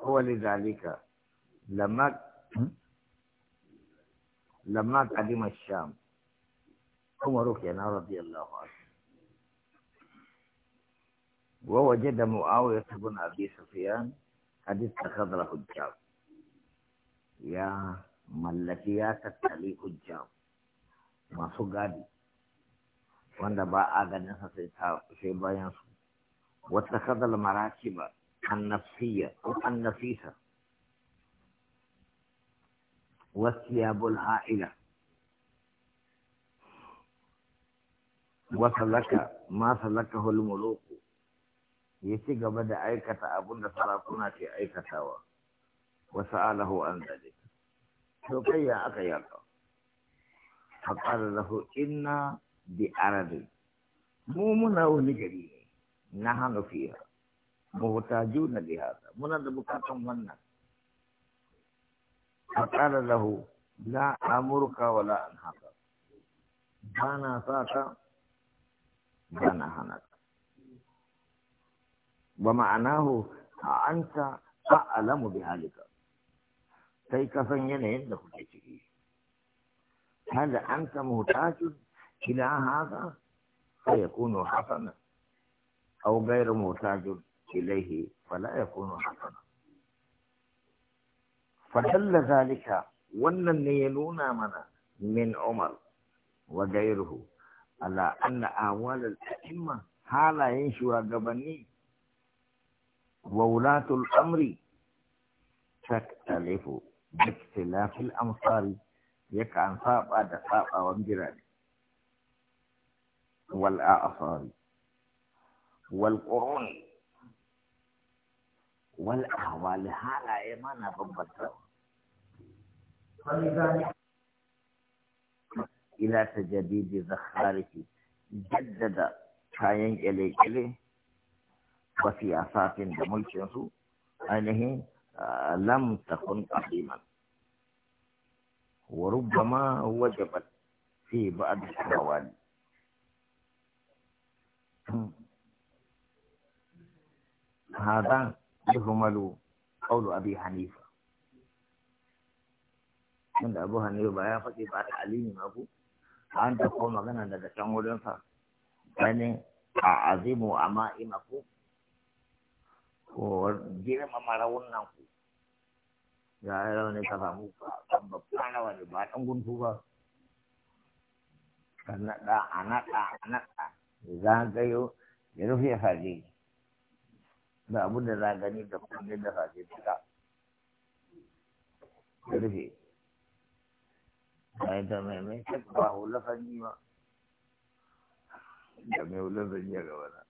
هو لذلك لما لما قدم الشام عمر كان رضي الله عنه ووجد معاوية بن أبي سفيان قد اتخذ له حجاب يا ملكيات التالي حجاب ما سقادي وانا با آغانا سيبايان سو واتخذ المراكب النفسية والنفيسة والثياب العائلة وسلك ما سلكه الملوك يتي بدا أيكة أبونا صلاكنا في أيكة سوا وسأله عن ذلك شو كي يا فقال له إنا بأرض مو منا ونجري نحن فيها محتاجون لهذا من بكاتم منا فقال له لا امرك ولا انهاك بانا فاك بانا هنك ومعناه انت اعلم بهالك كي كفنين عندك هل انت محتاج الى هذا فيكون حسنا او غير محتاج إليه فلا يكون حسنا فدل ذلك وأن النيلون منا من عمر وغيره على أن أعوال الأئمة حالا ينشوا قبني وولاة الأمر تختلف باختلاف الأمصار عن صعب دفاع وانجران والأعصار والقرون والأهوال هالا إيمانا ضبطة إلى تجديد ذخارتي جدد كاين إلي إلي وفي أساس دمول شنسو أنه آه، لم تكن قديما وربما وجبت في بعض الأحوال هذا yuhmalu qawlu abi hanifa inda abu hanifa ba ya faɗi ba ta alimi ma ku an ta ko magana daga can wurin sa wani a azimu amma ima ku ko girmama wannan ku ga rauni ka samu kan babban wani ba ɗan guntu ba ka naɗa a naɗa zan naɗa zagayo ya rufe da abin da za gani da kudin da sace suka rufe bayan da mai mai cek ba hula sanyi ba da mai hula yi a gaba na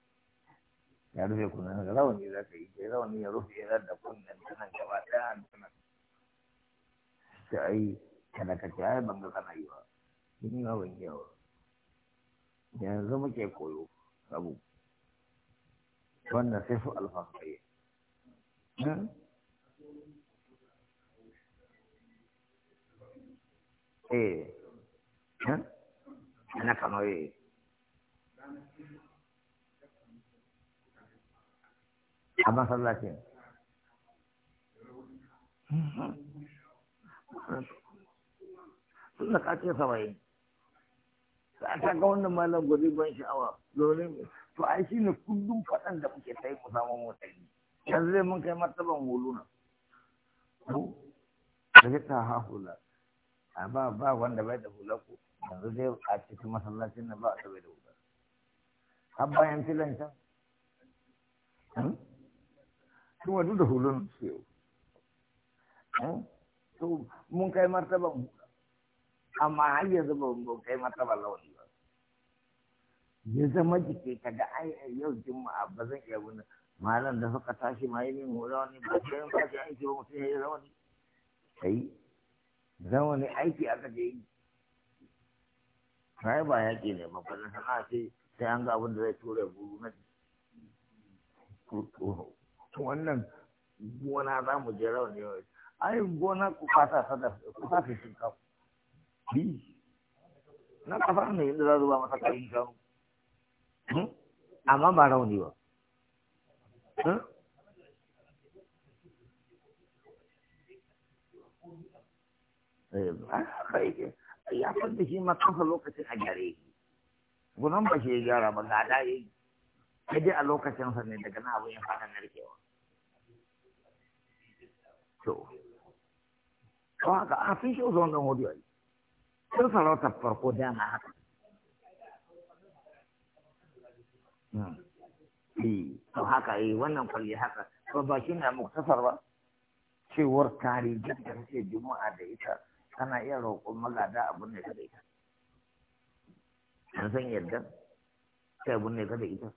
ya rufe kunan ga rawani za ka yi sai rawani ya rufe ya da kunnen tunan gaba ɗaya a tunan ta ai kana ka ce ai ban ga kana yi ba ni ma ban yi ba yanzu muke koyo abu wannan sai su alfahari eh ana kamar yi eh. a masallacin suna kace saba'in ta ga wannan malam gwazi ban sha'awa domin to ai shi ne kullum faɗan da muke ta yi mu samu motsi yanzu zai mun kai martaban huluna ko ya ta hahula a ba ba wanda bai da hula ko yanzu dai a cikin masallacin na ba a bai da hula har bayan filan can hmm? kuma duk da hulun su yau hmm? to mun kai martaban amma har yanzu ba mun kai martaban launi ya zama jike ka da ai yau juma'a ba zan iya wani malam da suka tashi ma yi min hula wani ba sai ba shi aiki ba mutum ya yi rawani zama ne aiki aka je yi sai ba yaƙi ne ba ba sana'a ce sai an ga abin da zai tura buru na wannan gona za mu je rawani yau ai gona ku fata sada ku fata shinkafa bi na kafa ne inda za zuba masa kayan shanu amma ba rauni ba ya fadda shi ma kansa lokacin a gyare yake gunan ba shi ya gyara ba ga da yi kaje a lokacin ne daga na abin ya fara narkewa to to haka a sun shi uzon farko haka Hmm. Eh, to haka eh wannan kwalli haka ba ba shi na muktasar ba cewar tarihin da kake juma'a da ita kana iya roƙon magada abin da ka da ita an san yadda sai abin da ka da ita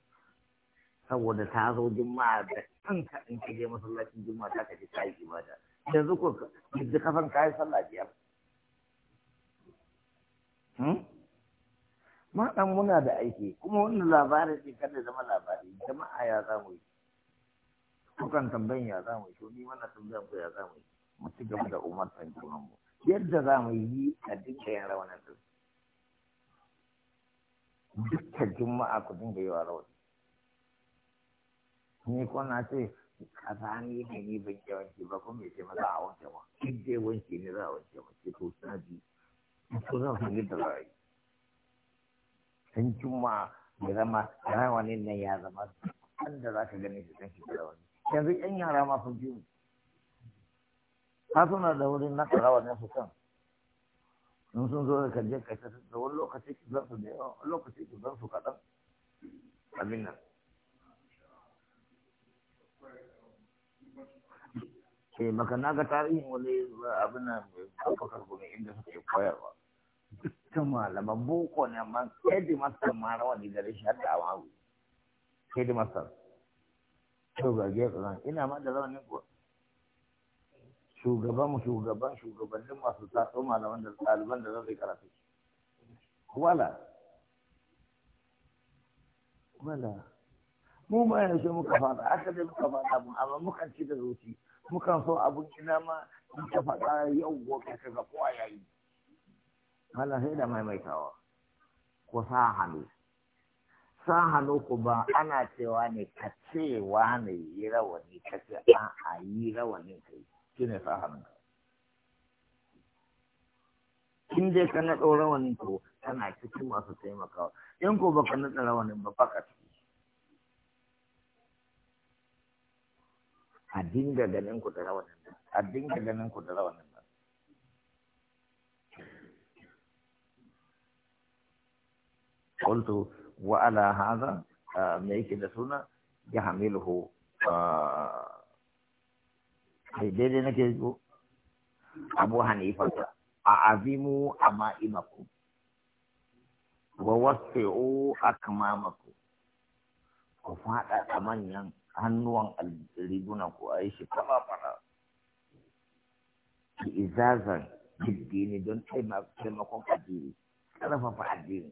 saboda ta zo juma'a da kanka in ka je masallacin juma'a ta kace ta yi ibada yanzu ko yanzu kafan yi sallah biyar hmm? ma dan muna da aiki kuma wannan labarin ne, kada zama labari jama'a ya za mu yi kukan tambayin ya za mu yi to ni wannan tambayan ku ya za mu yi mu ci gaba da umartan junan mu yadda za mu yi a duka yin rawanin din dukkan juma'a ku dinga yi wa rawani ni ko na ce a ni ne ni ban ke ba kuma ya ce ma za a wanke wa, duk dai wanke ne za a wanke ba ce to suna ji ko za su yi da za yi sun cimma ya zama rawanin nan ya zama an da za ka gani su san shi da rawani yanzu yan yara ma sun fi ka suna da wurin na karawa na su kan in sun zo da kaje ka ta da wani lokaci ki zan su da yawa lokaci ki zan su kaɗan abin nan eh, maka na ga tarihin wani abin nan bakar gumi inda suke koyarwa ta malaman boko ne amma headmaster ma rawa ne da awawu headmaster to ga gefe ina ma da shugaban shugaban shugabannin masu tatso malaman da ɗaliban da zai karatu wala wala mu ya yanzu muka fada aka dai muka fada mun amma mukan ci da zuci mukan so abun ina ma in ka yau gobe ka ga kowa yayi Allah sai da maimaitawa ko sa hannu sa hannu ku ba ana cewa ne ka ce ne yi rawani ka ce a a yi rawanin kai ne sa hannu in dai ka naɗo rawanin ko kana ciki masu taimakawa in ko ka naɗa rawanin ba ka ciki a dinga ganin ku da rawanin a dinga ganin ku da rawanin qultu wa ala hadha me yake da suna ya hamiluhu kai daidai nake zo abu hanifa a azimu amma imaku wa manyan hannuwan rigunan ku a yi shi fara ki izazan don taimakon addini ƙarfafa addini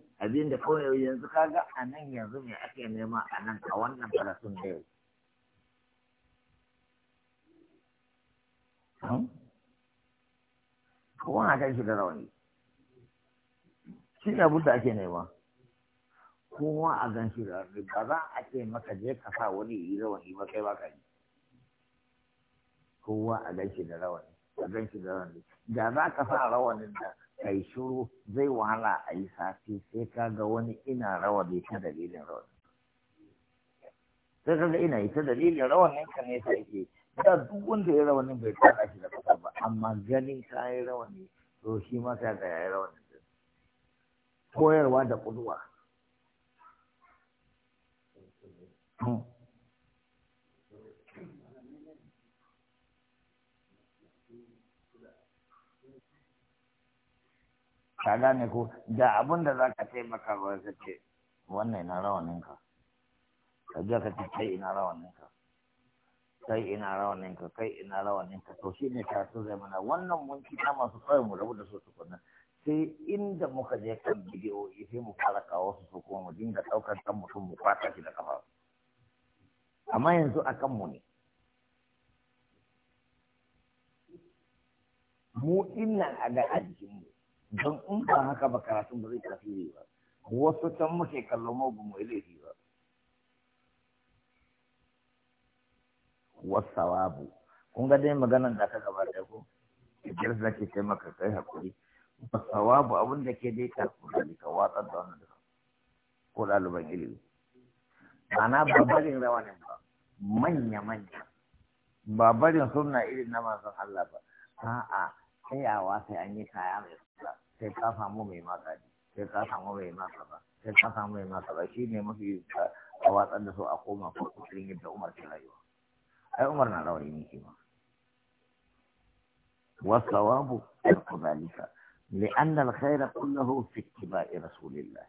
abin da kawai yanzu kaga a nan yanzu me ake nema a nan a wannan karatun da yau hmm? kowa na kan shi da rawani, shi ne abin da ake nema kowa a gan shi da rawani, ba za a ce maka je ka sa wani yi rawani ba kai ba ka yi kowa a gan shi da rawani a gan shi da rawani da za ka sa rawanin da kai shuru zai wahala a yi sati sai ka ga wani ina rawa bai ta dalilin rawa sai ka ga ina ita dalilin rawa ne ka ne sai ke da duk wanda ya ne bai tsara shi da kasa ba amma ganin ka yi rawani to shi ma sai yi rawa rawanin koyarwa da kuduwa hmm. ka gane ko da abin da za ka taimaka ba ka ce wannan ina rawaninka ka je ka ce kai ina rawaninka kai ina rawaninka kai ina rawaninka to shi ne so zai mana wannan mun ta masu kawai mu rabu da su kunna sai inda muka je kan bidiyo sai mu fara kawo su su kuma mu dinga ɗaukar kan mutum mu kwata shi da kafa amma yanzu a mu ne mu dinnan a ga a jikinmu don in ba haka ba karatun ba zai tasiri ba wasu can muke kallon mu ba mu laifi ba wasawabu kun ga dai maganan da aka gaba da ku Jirgin za ke kai maka kai hakuri wasawabu abin da ke dai ka da ka watsar da wannan ko ɗaliban ilimi ma'ana babbarin rawanin ba manya manya babbarin suna irin na manzon Allah ba a'a a wasa an yi kaya mai suna sai ka samu mai maka ne sai ka samu mai maka ba sai ka samu mai maka ba shi ne mafi a watsar da su a koma ko kusurin yadda umar ke rayuwa ai umar na rawani ne shi ma wasawabu ku zalika لأن الخير كله في اتباع رسول الله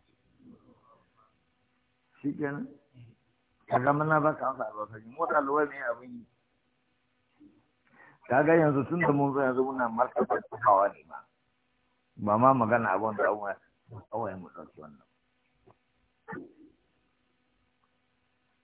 shi kenan kaga mana ba ka amsa ba sai mota luwai ne abin yi kaga yanzu tun da mun zo yanzu muna martaba tsawa ne ma ba ma magana abin da abuwa ya mu wannan